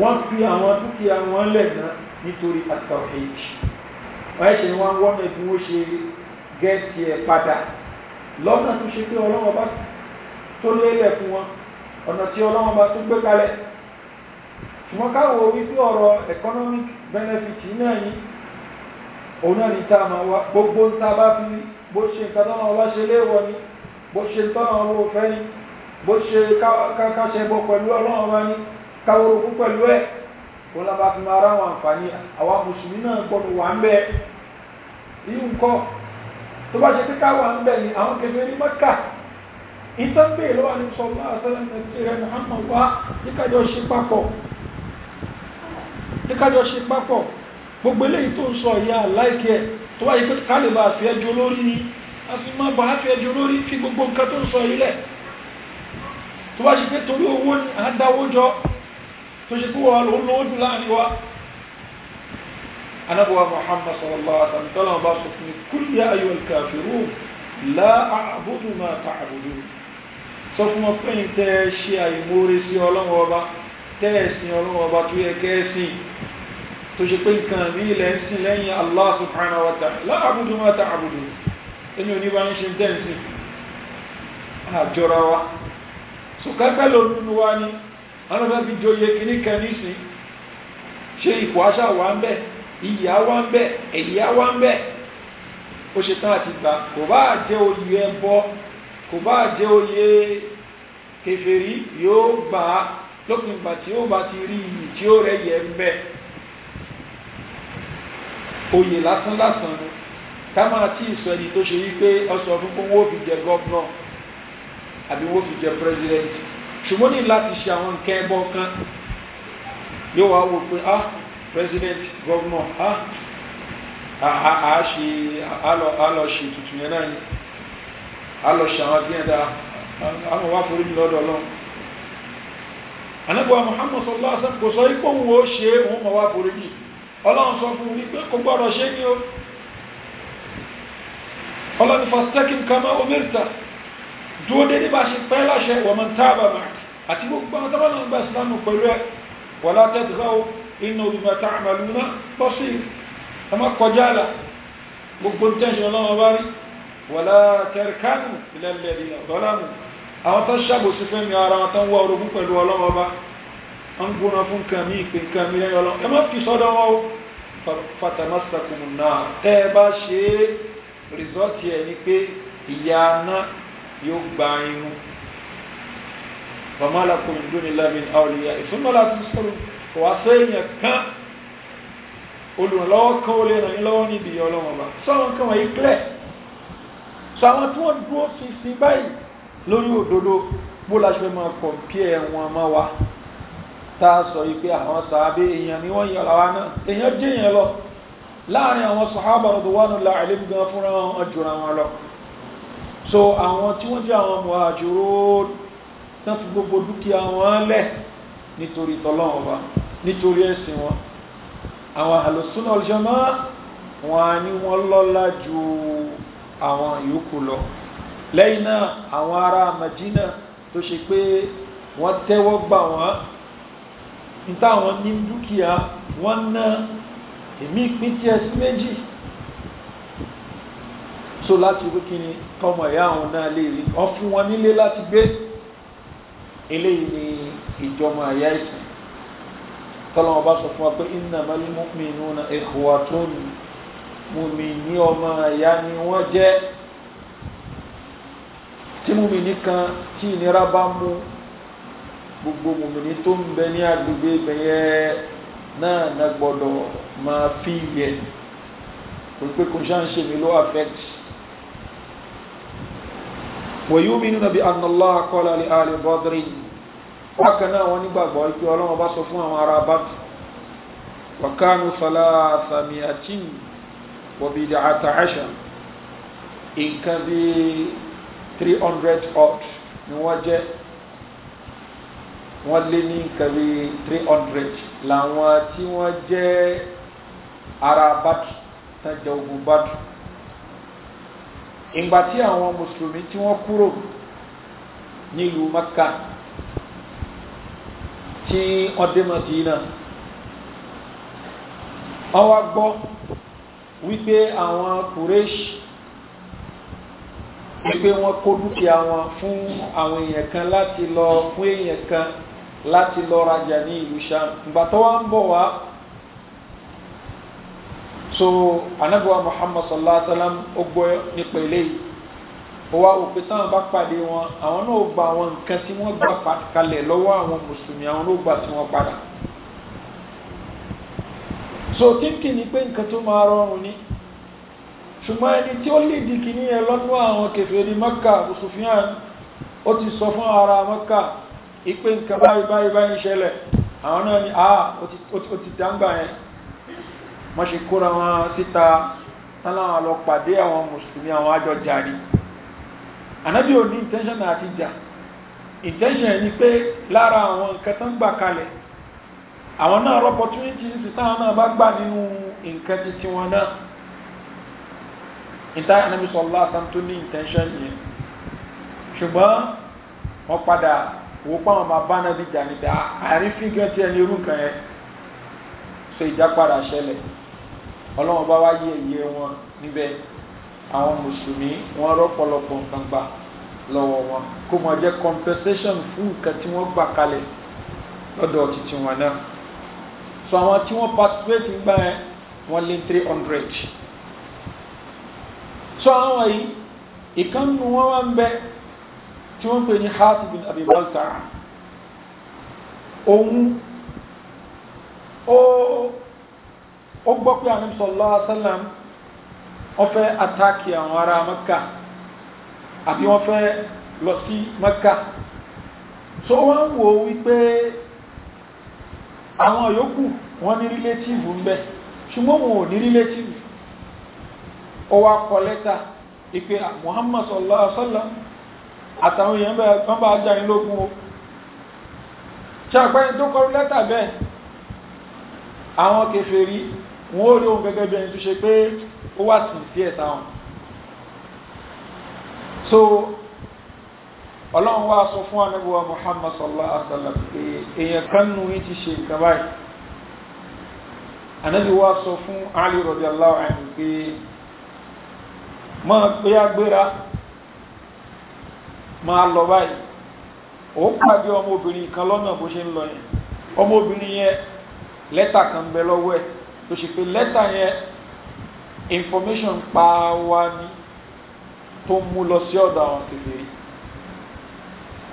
A: wọ́n fi àwọn dúkìá wọn lẹ̀ náà nítorí at-tawhid wọ́n ṣe wọ́n wọ́n mẹ́bí wọ́n ṣe gẹ́ẹ̀tì ẹ̀ padà lọ́nà tó ṣe pé ọlọ́wọ́n bá tó lélẹ̀ fún wọn ọ̀nà tí ọlọ́wọ́n bá tó gbé kalẹ̀ ṣùgbọ́n káwọ̀ wípé ọ̀rọ̀ economic benefit náà ní òun náà ní tá a máa wá gbogbo ń tá a bá fi bó ṣe nǹkan tọ́nà ọlá ṣe léèwọ̀ ni bó ṣe tọ́nà ọlọ́ òfẹ́ ni bó ṣe káṣẹ bọ pẹ̀lú ọlọ́run wa ni káwọ̀ òkú pẹ̀lú ẹ̀ òun la bá fi máa ráwọn àǹfààní àwọn mùsùlùmí náà gbọ́dọ̀ wà ń bẹ́ẹ̀ yíyún kọ́ tó bá ṣe ni àwọn mọ́kà ní sọ́lá tí rẹ̀ Muhammad wá gbogbo eléyìí tó ń sọ ìyá láìkí tó wáyé pé ká lè lórí ni a fi má bá fi ẹjọ́ lórí fi gbogbo nǹkan tó ń sọ ilẹ̀ tó wá ṣe pé torí tó ṣe kó wà wa anabuwa muhammad sallallahu alaihi wasallam tọ́lọ̀ bá sọ fún mi kul ya ayyuhal kafirun la a'budu ma ta'budun sọ fún wọn pé n tẹ́ ẹ ṣe àìmóore sí ọlọ́wọ́ ọba tẹ́ ẹ sin ọlọ́wọ́ ọba tó yẹ kẹ́ ẹ sìn tó ṣe pé nǹkan mi ilẹ̀ ń sìn lẹ́yìn allah subhanahu wa ta'ala la a'budu ma ta'budun èmi ò ní bá ń ṣe tẹ́ ń sìn àjọra wa sùkápẹ́ lónìí wa ni wọn lọ fẹ́ fi joyè kíníkan nísìn ṣe ipò àṣà wà ìyá wa ń bẹ ẹ̀yà wa ń bẹ ó ṣe tán àti gbà kò bá jẹ́ oyè ẹbọ kò bá jẹ́ oyè kèfèrí yóò gbà á lópin ìgbà tí ó bá ti rí iyì tí ó rẹ̀ yẹ ń bẹ oyè lásán lásán ni ká máa tí ì sọ ẹni tó ṣe wípé ọsọ fún kó wọ́n fi jẹ gọ́vnà àbí wọ́n fi jẹ pírẹsidẹ́ntì ṣùgbọ́n ní láti ṣe àwọn nǹkan ẹbọ kan yóò wá wò pé ah president governor a ṣe alọ ṣe tuntun yẹn náà ni alọ ṣe àwọn bí ẹ̀dá àwọn wá forí mi lọ́dọ̀ ọlọ́run anábọ̀ Muhammad sallallahu alaihi wasallam kò sọ ipò òun ó ṣe òun mọ̀ wá forí mi ọlọ́run sọ fún mi pé kò gbọ́dọ̀ ṣe ni o ọlọ́run fastaqim kama umirta dúró dédé bá ṣe pẹ́ láṣẹ wa man taba ma'ak àti gbogbo àwọn tábà náà gba ìsìlámù pẹ̀lú ẹ̀ wala tadghaw inú bima ta'maluna basir ẹ má kọjá àlà gbogbo tẹ́ṣin ọlọ́wọ́ bá rí wala tarkanu ila alladhina zalamu àwọn tó ṣàbòsí fẹ́ mi ara wọn tó ń wá orogún pẹ̀lú ọlọ́wọ́ bá ń gbóná fún nǹkan mi ìpè nǹkan mi lẹ́yìn ọlọ́wọ́ ẹ má fi sọ́dọ̀ wọn o fatamasakumu náà tẹ́ ẹ bá ṣe é rìsọ́ọ̀tì ẹ̀ ni pé ìyá aná yóò gba irun bàmálàkùn ìdúnilẹ́mìn àwòlíyà ìfúnmọ́lá ti sọ̀rọ̀ kò wá sí èèyàn kan olùrànlọ́wọ́ kan ó lè ràn yín lọ́wọ́ níbi ọlọ́wọ́n bá sọ́wọ́n kan wọ̀nyí clear sọ àwọn tí wọ́n dúró fi sí báyìí lórí òdodo bó la ṣe máa compare wọn mọ́ wa tá a sọ yìí pé àwọn sàábé èèyàn ni wọ́n yàn láwa náà èèyàn jẹ́ èèyàn lọ láàrin àwọn sàhábà radwanullahi alaihim gan fúnra wọn jùra wọn lọ so àwọn tí wọ́n jẹ́ àwọn muhajirun tán fi gbogbo dúkìá wọn lẹ̀ nítorí tọ́lọ́wọ́n wa nítorí ẹ̀sìn wọn àwọn àlòsúnà ọ̀lẹ́sọ̀mọ́ wọn ni wọ́n lọ́lá ju àwọn yòókù lọ lẹ́yìn náà àwọn ará Madina tó ṣe pé wọ́n tẹ́wọ́ gbà wọ́n níta àwọn ní dúkìá wọ́n ná èmi ìpín tí ẹ sí méjì so láti wíkíni kọmọ ìyá àwọn náà lè rí wọ́n fún wọn nílé láti gbé eléyìí ni ìjọmọ àyà ìsìn tọ́lọ́mọ bá sọ fún wa pé innamal mu'minuna ikhwatun mùmí ní ọmọ àyà ni wọ́n jẹ́ tí mùmí nìkan tí ìnira bá mú gbogbo mùmí ní tó ń bẹ ní agbègbè bẹ̀yẹ náà na gbọ́dọ̀ máa fi yẹ pé kò ṣáà ń ṣe mi ló affect ويؤمنون بأن الله قال لآل بدر وكنا ونبغى ويكي ولما بصفوا وراء بدر وكانوا ثلاثمائة وبدعة عشر إن كان بي 300 odd نواجه wọ́n lé ní nǹkan bí three hundred làwọn tí wọ́n jẹ́ ara bàtù tán jẹ́ ogun bàtù ìgbà tí àwọn mùsùlùmí tí wọ́n kúrò nílùú Mẹ́kà tí wọ́n dé Mẹ́dínà wọ́n wá gbọ́ wípé àwọn kùrẹ́ṣì wípé wọ́n kó dúkìá wọn fún àwọn èèyàn kan láti lọ fún èèyàn kan láti lọ rajà ní ìlú Ṣam ìgbà ń bọ̀ wá so anabiwa muhammad sallallahu alaihi wa sallam ó gbọ́ nípa eléyìí ó wá wò pé táwọn bá pàdé wọn àwọn náà gba àwọn nǹkan tí wọ́n gbà kalẹ̀ lọ́wọ́ àwọn mùsùlùmí àwọn náà gbà tí wọ́n padà so tíńkì ni pé nǹkan tó máa rọrùn ni ṣùgbọ́n ẹni tí ó lè di kìíní yẹn lọ́nà àwọn kèfèrí maka òsùfíàn ó ti sọ fún ara maka ìpé nǹkan báyìí báyìí báyìí ṣẹlẹ̀ àwọn náà ni a ah, ó ti dáńgbà yẹn wọ́n ṣe kóra wọn síta táwọn lọ pàdé àwọn mùsùlùmí àwọn àjọ jà ni ò ní intention àti jà intention ẹ̀ ni pé lára àwọn nǹkan tó ń gbà kalẹ̀ àwọn náà opportunity ní táwọn náà bá gbà nínú nǹkan titi wọn náà ìta ànábì sọlá àtàn tó ní intention yẹn ṣùgbọ́n wọ́n padà wò pa àwọn bàbá náà bí jà níta ah, àrífín gẹ́tì ẹni irú nǹkan yẹn so ìjà padà ṣẹlẹ̀ ọlọ́wọ́n bá wá yí ẹ̀yẹ wọn níbẹ̀ àwọn mùsùlùmí wọn rọ́pọ̀lọpọ̀ nǹkan gbà lọ́wọ́ wọn kó mọ̀ jẹ́ compensation fún nǹkan tí wọ́n gbà kalẹ̀ lọ́dọ̀ títí wọn náà so àwọn tí wọ́n participate gbà yẹn wọ́n lé three hundred so àwọn yìí ìkànnì wọn wá ń bẹ tí wọ́n pè ní hati bin abi balta ohun ó. Oh, ó gbọ́ pé àwọn sallallahu alaihi wasallam wọ́n fẹ́ àtàkì àwọn ará mẹ́kà àbí wọ́n fẹ́ lọ sí mẹ́kà so wọ́n ń wò wípé àwọn yòókù wọ́n ní relative ń bẹ ṣùgbọ́n wọn ní relative ó wá kọ lẹ́tà ìpé ah, Muhammad sallallahu alaihi wasallam àtàwọn èèyàn bẹ́ẹ̀ kan bá já yín lógún o ṣe àpẹẹrẹ tó kọ lẹ́tà bẹ́ẹ̀ àwọn kèfèrí wọ́n ó rí ohun gẹ́gẹ́ bí ẹni tó ṣe pé ó wà sí sí ẹ̀sà wọn so ọlọ́run wá sọ fún anábíwá Muhammad sallallahu alaihi wa pé èèyàn kan nù yín ti ṣe nǹkan báyìí anábíwá sọ fún Ali radiyallahu anhu pé máa pé agbéra máa lọ báyìí ó pàdé ọmọbìnrin kan lọ́nà bó ṣe ń lọ yẹn ọmọbìnrin yẹn lẹ́tà kan bẹ lọ́wọ́ ẹ̀ tó ṣe pé lẹ́tà yẹn information pa wa ni tó mú lọ sí ọ̀dọ̀ àwọn kèfèrí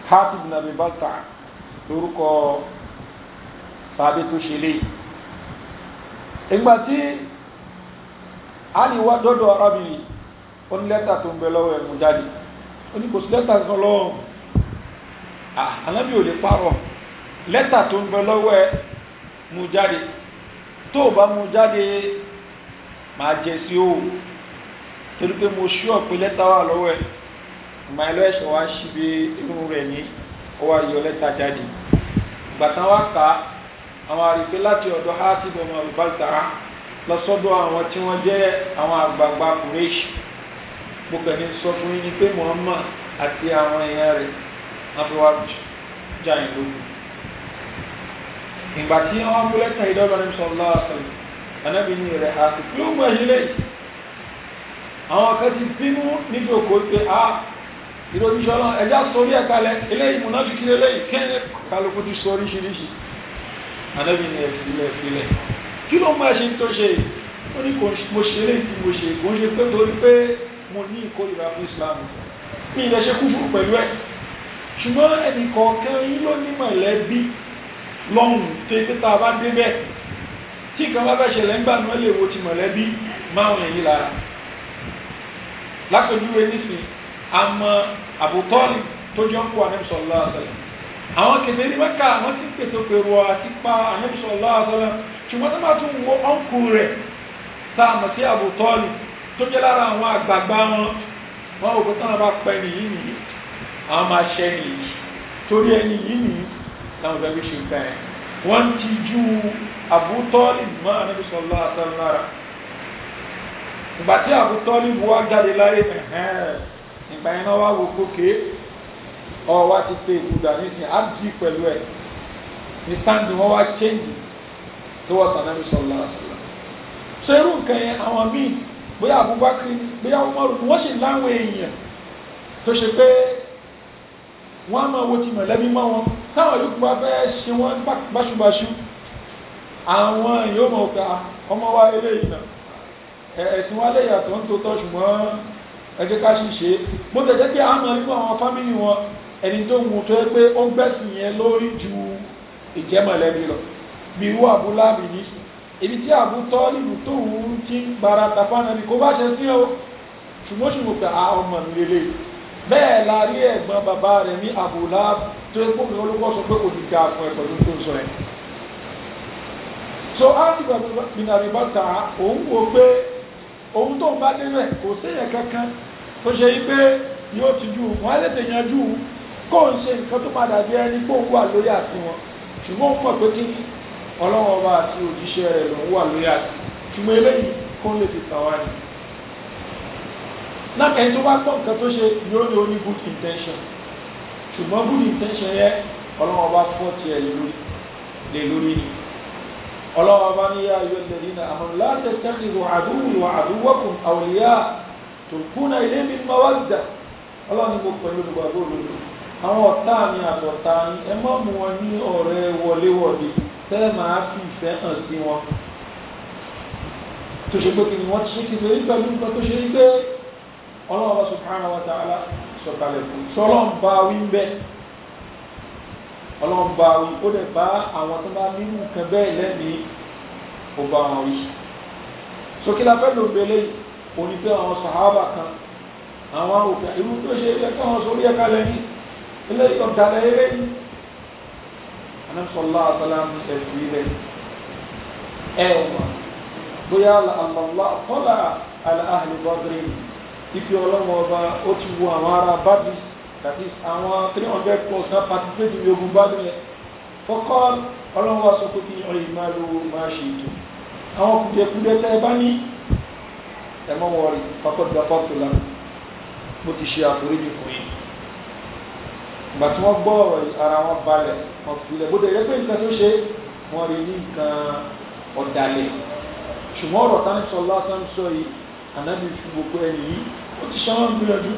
A: Hatib nabi bata lórúkọ tàbí tó ṣe lé ìgbà tí aliwa dọ́dọ̀ arábìnrin ó ní lẹ́tà tó ń bẹ lọ́wọ́ ẹ̀mú jáde ó ní kò sí lẹ́tà kan lọ́wọ́ ah, ànábì ò lè parọ́ lẹ́tà tó ń bẹ lọ́wọ́ ẹ̀mú jáde tó o bá mú jáde máa jẹ sí o torí pé mo ṣú ọ̀pẹ lẹ́tà wà lọ́wọ́ ẹ̀ ọmọ ẹlọ́ ẹ̀ṣọ́ wa ṣí bí irun rẹ̀ ní ó wá yọ lẹ́tà jáde ìgbà tán wá kà á àwọn àrífé láti ọ̀dọ̀ hásìbì ọmọ olùbáṣà lọ sọ́dọ̀ àwọn tí wọ́n jẹ́ àwọn àgbààgbà kùrẹ́ṣì mo kàn sọ fún yín ni pé Muhammad àti àwọn èèyàn rẹ̀ wọ́n fi wá jà ìlú mi ìgbà tí wọ́n mú lẹ́tà ìdọ́gbọ̀n ní sọ̀rọ̀ lọ́wọ́ anábìnrin rẹ̀ àti kí ló mú ẹ̀yìn lẹ́yìn àwọn kan ti bínú níbi òkò pé a ìròyìn ọlọ́run ẹja sórí ẹ̀ kalẹ̀ eléyìí múná fi kiri eléyìí kẹ́lẹ́ kálukú ti sọ oríṣiríṣi anábìnrin rẹ̀ sílẹ̀ sílẹ̀ kí ló mú ẹ̀ṣin tó ṣe ó ní mo ṣe lè tí mo ṣe kò ń ṣe pé torí pé mo ní ìkórìíra fún Islam mi ìlẹ̀ ṣe pẹ̀lú ẹ̀ ṣùgbọ́n ẹnì lọ́hùn tó yẹ pé tá a bá débẹ̀ tí nǹkan bá bẹ̀ ṣẹlẹ̀ ńgbà náà lè wo ti mọ̀lẹ́bí márùn èyí lára lápèjúwe nísìnyí àmọ́ àbútọ́ọ̀lì tó jọ ń kó anẹ́bùsọ̀lá àṣẹlẹ̀ àwọn kèfé ní mẹ́ka àwọn tí ń pètò pèrò àti pa anẹ́bùsọ̀lá àṣẹlẹ̀ ṣùgbọ́n tó bá tún wo ọ̀nkù rẹ̀ tá a mọ̀ sí àbútọ́ọ̀lì tó jẹ́ lára àwọn àgbààgbà wọn wọn ò kó tán bá pẹ́ nìyí nìyí àwọn máa ṣẹ́ nìyí torí ẹni yìí nìyí táwọn fẹ́ fi ṣe nǹkan yẹn wọ́n ti ju Abu Talib mọ́ Ànábì sallallahu alaihi wasallam lára ìgbà tí Abu Talib wá jáde láyé ẹ̀hẹ́n ìgbà yẹn náà wá wo gòkè ọ̀ wá ti pe ìbúdà nísìnyí á di pẹ̀lú ẹ̀ ní sáńdì wọ́n wá chẹ́ǹdì tó wọ́n sànábì sallallahu alaihi wasallam ṣe irú nǹkan yẹn àwọn míì bóyá Abubakar bóyá Umaru wọ́n sì láwọn èèyàn tó ṣe pé wọ́n á máa wo ti mọ̀lẹ́bí mọ́ wọn táwọn yòókù bá fẹ́ ṣe wọ́n báṣubàṣu àwọn yóò mọ̀ ká ah, ọmọ wa eléyìí náà ẹ̀sìn wa lè yàtọ̀ ń tótọ́ ṣùgbọ́n ẹjẹ́ ká ṣiṣẹ́ mo tẹ̀jẹ́ pé a máa nínú àwọn fámìlì wọn ẹni tó mú tó yẹ pé ó gbẹ̀sìn yẹn lórí ju ìjẹ́mọ̀lẹ́bí lọ bí irú àbúláàbì ní ibi tí àbútọ́ nínú tó ń ti tàfánà ni kó bá ṣe sí ọ ṣùgbọ́n ṣùgbọ́n pé a ah, ọmọ mi lélẹ́yìí bẹ́ẹ̀ la rí ẹ̀gbọ́n bàbá rẹ̀ ní àbúlá tó ń kóbi olóko sọ pé kò ní ga fún ẹ pẹ̀lú tó sọ ẹ. so áàdì bìnàbí bàtà òun wò pé òun tó ń bá débẹ̀ kò séyẹ kankan tó ṣe yí pé yóò ti ju wọn lè tè yanjú kó ń ṣe nǹkan tó padà bí ẹni kó ń wà lórí àti wọn ṣùgbọ́n ó mọ̀ pé kí ọlọ́wọ́n ọba àti òjíṣẹ́ rẹ̀ lòún wà lórí àti ṣùgbọ́n eléyìí kó ń lè fi tàn ni náà ẹni tó bá gbọ́ nǹkan tó ṣe yóò ní oní good intention ṣùgbọ́n good intention yẹ ọlọ́wọ́ bá fọ́ tiẹ̀ lè lórí ni ọlọ́wọ́ bá ní yá ayọ́ lẹ́yìn náà àmọ́ láti tẹ́lifù àdúgbò wà àdúgbòkùn àwòlíyá tó kúnà ilé mi máa wá gbà ọlọ́ni mo pẹ̀lú olùgbàgbọ́ olódò àwọn ọ̀tá mi àtọ̀tá yín ẹ má mú wọn ní ọ̀rẹ́ wọléwọ̀de tẹ́ máa fi ìfẹ́ hàn sí wọn tó ṣe pé kí ni wọ́n ti ṣe kí ni orí pẹ̀lú nǹkan tó ṣe é gbé ọlọ́ọ̀bá subhanahu wa ta'ala sọ̀kalẹ̀ fún sọlọ́ọ̀bá wí ń bẹ́ ọlọ́ọ̀bá wí ó dẹ̀ bá àwọn tó bá nínú nǹkan bẹ́ẹ̀ lẹ́nìí ó bá wọn wí sókílà fẹ́ ló gbélé òní pé àwọn sàhábà kan àwọn òkè irú tó ṣe yẹ káwọn sórí ẹ̀ka lẹ́yìn ilé ọ̀dàlẹ̀ eré yìí anamsọ̀lá àtàlámù ẹ̀fì ilẹ̀ ẹ̀wọ̀n bóyá àlàlá tọ́lá àlàáhìlì bọ́dìrì ipi ọlọ́run ọba ó ti wo àwọn ará bábí tàbí àwọn three hundred plus náà participate ní ogun bábí yẹn kọ́kọ́ ọlọ́run wa sọ pé kí ọyìn máa lo máa ṣe ètò àwọn kùdìẹ̀kùdìẹ̀ tẹ́ ẹ bá ní ẹ̀mọ́ wọ̀rì pápọ́dà pọ́pùlà mo ti ṣe àforíjì fún yín ìgbà tí wọ́n gbọ́ ọ̀rọ̀ ara wọn balẹ̀ wọn filẹ̀ bó dẹ̀ yẹ pé nǹkan tó ṣe wọ́n rí ní nǹkan ọ̀dàlẹ̀ ṣùgbọ́n ọ̀rọ̀ tá ń sọ lásán sọ yìí ànábì fún gbogbo ẹni yìí ó ti ṣe àwọn gbìyànjú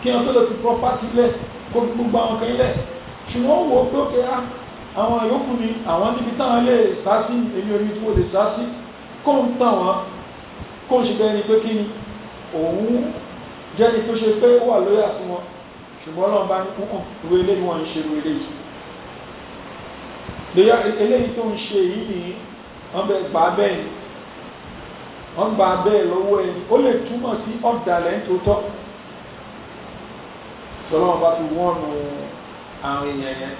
A: kí wọn tó lè fi property lẹ kó fi gbogbo àwọn kan lẹ ṣùgbọ́n wò pé ó kẹ́ àwọn yòókù ni àwọn níbi táwọn lè sá sí èmi orí tí mo lè sá sí kó ń tàn wọn kó ń ṣe bẹ́ẹ̀ ni pé kí ni òun jẹ́ni tó ṣe pé ó wà lóyà sí wọn ṣùgbọ́n ọlọ́run bá ní kúkùn ìwé eléyìí wọn ń ṣe ìwé eléyìí eléyìí tó ń ṣe yìí ni wọ́n bẹ gbà bẹ́ẹ̀ wọ́n gba bẹ́ẹ̀ lọ́wọ́ ẹni ó lè túmọ̀ sí ọ̀dàlẹ̀ nítòótọ́ sọlọ́wọ́ bá fi wọ́ọ̀nù àwọn èèyàn yẹn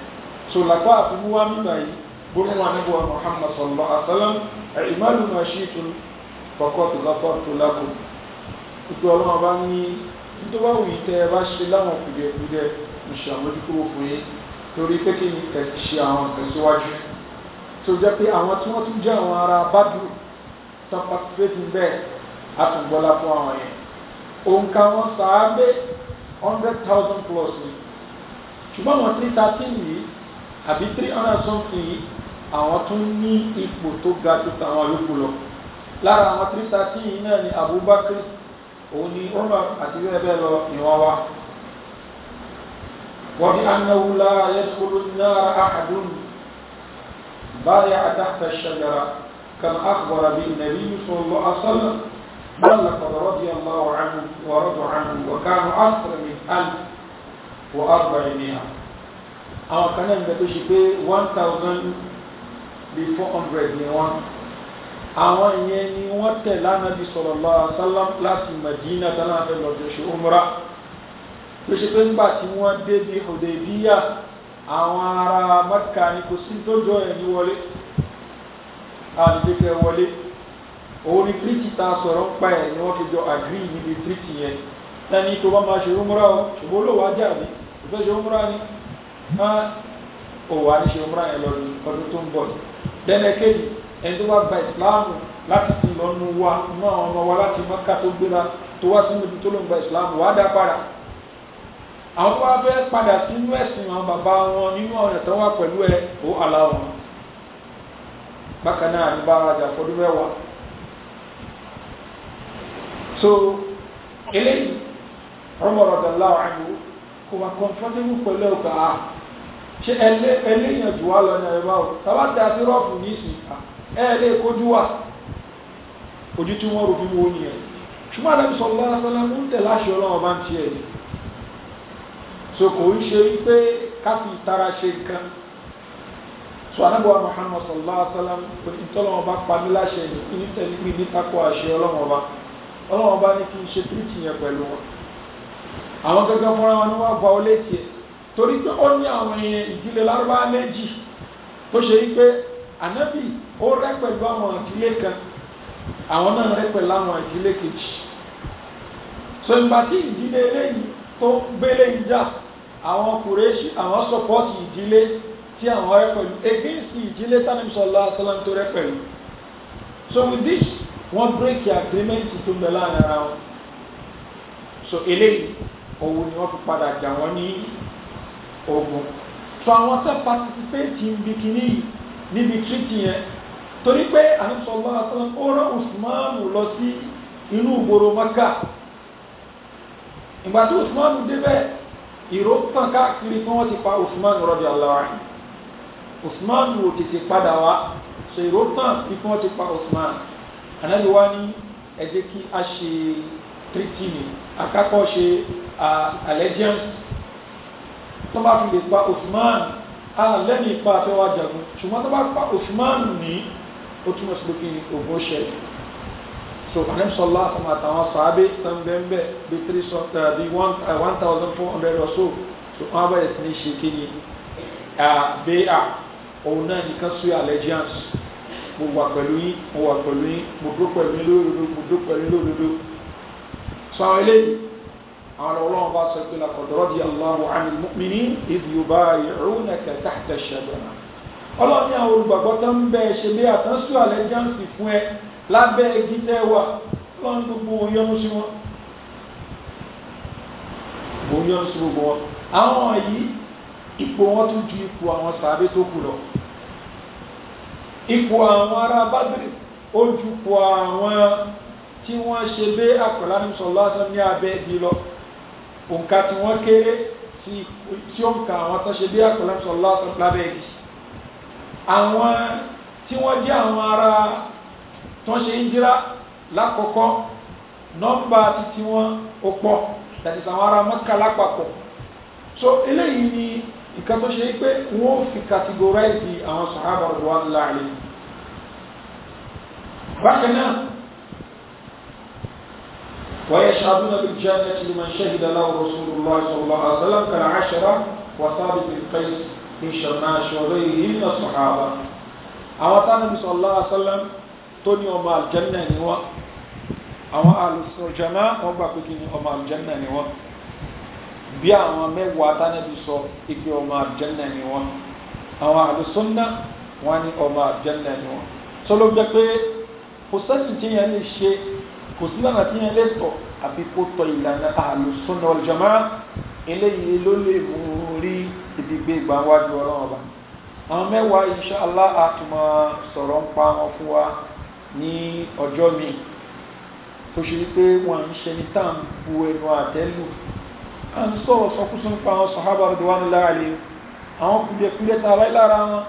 A: so làpá àfihàn wa mímà yìí gbóná wa níbo wa Muhammad sallallahu alaihi wasallam ìmáàlú máa ṣe ètò kọ̀kọ́ tó lọ́kọ́ tó lákò ìpè ọlọ́wọ́ bá ní nítorí wọ́n yìí tẹ́ ẹ bá ṣe láwọn kùdìẹ̀kùdìẹ̀ ìṣàmójúkúrò fún yín torí pé kí ni ẹ̀sìn ṣe àwọn ìtẹ̀síwájú tó jẹ́ pé àwọn tí wọ́n tún jẹ́ àwọn ará bádùn tán pàṣípẹ́tì bẹ́ẹ̀ àtúgbọ́lá fún àwọn yẹn òǹkà wọn sàábé hundred thousand plus ni ṣùgbọ́n wọn three thirteen yìí àbí three hundred something yìí àwọn tún ní ipò tó ga ju tàwọn yòókù lọ lára àwọn three thirteen yìí náà ni Abubakar òun ni Umar àti bẹ́ẹ̀ bẹ́ẹ̀ lọ ìwọ̀n wa. وبأنه لا يدخل النار أحد بايع تحت الشجرة كما أخبر به النبي صلى الله عليه وسلم بل لقد رضي الله عنه ورضوا عنه وكانوا أكثر من ألف وأربعمائة أو كان يمتلك 1400 ni wọ́n àwọn ìyẹn ni wọ́n tẹ̀ lánàbí sallallahu alaihi wasallam láti Madina tánà fẹ́ lọ́jọ́ ṣe umra tó ṣe pé nígbà tí wọ́n dé bí Hudaybiyah àwọn ará Mẹ́kà ní kò sí tó jọ ẹ̀ ní wọlé àdìjẹ́ kẹ́ wọlé òun ni tírítì ta sọ̀rọ̀ ń pa ẹ̀ ni wọ́n fi jọ àgírí níbi tírítì yẹn ẹni tó bá máa ṣe rúmúrá o ṣùgbọ́n olówó ajá mi ìfẹ́ ṣe rúmúrá ni òwò àti ṣe rúmúrá yẹn lọ ọdún tó ń bọ̀ ni dẹ́nẹ́kẹ́jì ẹni tó wá gba ìsìláàmù láti ti lọ nu wa náà ọmọ wa láti mọ́ká tó gbéra tó wá sínú ibi tó ló ń gba ìsìláàmù wá dá padà àwọn tó wá fẹ́ padà sínú ẹ̀sìn àwọn bàbá wọn nínú ọ̀rẹ́ tó wà pẹ̀lú ẹ ó aláwọ̀ bákan náà ní bára jà so eléyìí Umar radallahu anhu kò wá kọ́ńfọ́tébù pẹ̀lú ọ̀gá ṣe ẹlẹ́yìn jù ya lọ ní ẹ̀rọ báwò tábà tí a ti rọ́ọ̀fù ní ìsìn ẹ̀ ah, ẹ̀ lè kojú wà ojú tí wọ́n rò fi wo ni ẹ̀ so ko so anábọ̀ muhammad sallallahu alaihi wa sallam ìtọ́lọ́wọ́n bá pa mí láṣẹ yìí tẹ̀lé mi ní tako àṣẹ ọlọ́wọ́n bá ọlọ́wọ́n bá ní kí n ṣe tírìtì yẹn pẹ̀lú wọn àwọn gẹ́gẹ́ fúnra wọn ni wọ́n gba ọ létí ẹ̀ torí pé ó ní àwọn èèyàn ìdílé lárúbá méjì tó ṣe wípé ànábì ó rẹ́ pẹ̀lú àwọn ìdílé kan àwọn náà rẹ́ pẹ̀lú àwọn ìdílé kejì so ìgbà tí ìdílé eléyìí tó gbélé ìjà àwọn ìdílé tí àwọn rẹ pẹ̀lú against ìdílé tánàbí sallallahu alaihi tó rẹ pẹ̀lú so with this wọ́n break the agreement tó ń bẹ láàrin ara wọn so eléyìí òun ni wọ́n fi padà jà wọ́n ní ogun so àwọn tó participate in bikini níbi treaty yẹn torí pé ànábì sallallahu alaihi wasallam ó rán Usmanu lọ sí inú ìgboro Maka ìgbà tí Usmanu débẹ̀ ìró tàn káàkiri pé wọ́n ti pa Usmanu radiyallahu anhu usman wò tètè padà wá so èrò tán ikú wọn pa usman anabi wa ní ẹ jẹ́ kí a ṣe tìrìtìmì akákọ̀ ṣe allegiance tó bá fi lè pa usman a lẹ́yìn ipa afẹ́wà jagun ṣùgbọ́n tó bá pa usman ní ó túmọ̀ sí lókè ògùn ṣẹlẹ̀ so anam sọlá àtàwọn àtàwọn sàábé tán bẹ́ẹ̀ bí three sọ uh, bí uh, one thousand four hundred or so so wọ́n bá yẹ sí ní ṣe kí ni uh, bẹ́ẹ̀ à òun náà nìkan sọ allegiance mo wà pẹ̀lú yín mo wà pẹ̀lú yín mo dúró pẹ̀lú yín lódodo mo dúró pẹ̀lú yín lódodo sọ àwọn eléyìí àwọn ọlọ́run bá sọ pé lakọ̀dọ̀rọ̀ di Allahu anil mu'minin idh yubayi'unaka tahta ash-shajara ọlọ́run ní àwọn olùgbàgbọ́ tó ń bẹ ṣe bí àtúnṣe allegiance fún ẹ lábẹ́ igi tẹ́ wà ọlọ́run gbogbo òun yọnu ipò wọn tún ju ipò àwọn sàábé tó kù lọ ipò àwọn ará bábìrì ó ju ipò àwọn tí wọ́n ṣe bẹ àpẹlánusọ lásán ní abẹ́ bí lọ òǹkà tí wọ́n kéré tí òǹkà àwọn tó ṣe bẹ àpẹlánusọ lásán lábẹ́ bí àwọn tí wọ́n jẹ́ àwọn ará tó ṣe ń jíra lákọ̀ọ́kọ́ nọ́mbà títí wọn ó pọ̀ tẹ̀sí àwọn ará mọ́kà lápapọ̀ so eléyìí ni ìka tó ṣe pé wọ́n fi categorize àwọn sàhábà wà láàrin bákan náà ويشهدون بالجنة لمن شهد له رسول الله صلى الله عليه وسلم كالعشرة وثابت بن من الصحابة àwọn tá níbi sallallahu alaihi wasallam tó ní ọmọ aljanna ni wọ́n àwọn alùsọ̀jàmá wọ́n gbà pé kí ni ọmọ aljanna ni wọ́n bí àwọn mẹ́wàá tánàbí sọ ike ọmọ àjẹ́nà ni wọ́n àwọn àlùsọ́nà wọn ni ọmọ àjẹ́nà ni wọ́n tó ló jẹ́ pé kò sẹ́sìn tí yẹn lè ṣe kò sí lọ́nà tí yẹn lè tọ̀ àfi kó tọ ìlànà àlùsọ́nà ọ̀jọ̀mọ́ eléyìí ló lè mú rí ibi gbé ìgbà wájú ọlọ́run ọba àwọn mẹ́wàá insha Allah sọ̀rọ̀ ń pa wọn fún wa ní ọjọ́ mi tó ṣe wípé wọn ń à ń sọ̀rọ̀ sọkúsùn pa àwọn sọ̀hábà radwanullahi alayhi àwọn kùdìẹ̀kùdìẹ̀ tààrà lára wọn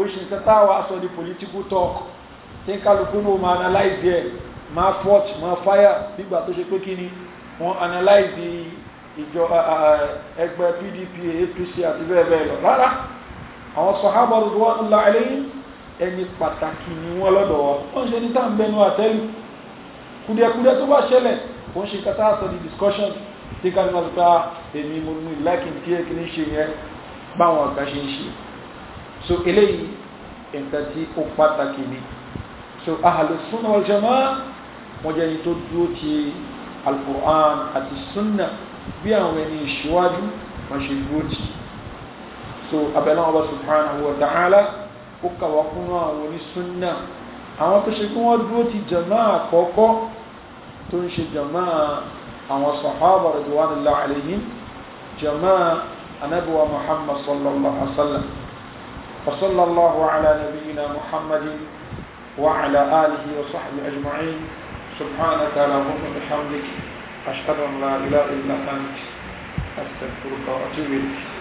A: oríṣi nǹkan táwa sọ ní political talk tí ń kálukú ní o máa analyze ẹ̀ máa fort máa fire nígbà tó ṣe pé kí ni wọ́n analyze ìjọ ẹgbẹ́ PDP APC àti bẹ́ẹ̀ bẹ́ẹ̀ lọ rárá àwọn sọ̀hábà radwanullahi alayhi ẹni pàtàkì ni wọ́n lọ́dọ̀ wa wọ́n ṣe ní tá à ń bẹnu àtẹ́lù kùdìẹ̀kùdìẹ̀ tó bá ṣẹlẹ̀ wọ́n ṣe kátà sọ di discussion tí ká mọ́ ta èmi mo ní láìkí tí ẹ kì ní ṣe yẹn báwọn ọ̀gá ṣe ń ṣe so eléyìí nǹkan tí ó pàtàkì ni so ahlu sunna wal jamaa wọ́n jẹ́ ẹni tó dúró ti al-Qur'an àti sunna bí àwọn ẹni ìṣíwájú wọ́n ṣe dúró ti so abẹ́lẹ́ wọn bá subhanahu wa ta'ala ó kàwá fún àwọn onísúnnà àwọn tó ṣe kí wọ́n dúró ti jamaa àkọ́kọ́ tó ń ṣe jamaa àwọn sàhábà radiyallahu alayhim jama'a anabiwa muhammad sallallahu alaihi wa sallam وصلى الله على نبينا محمد وعلى آله وصحبه أجمعين سبحانك اللهم وبحمدك أشهد أن لا إله إلا أنت أستغفرك وأتوب إليك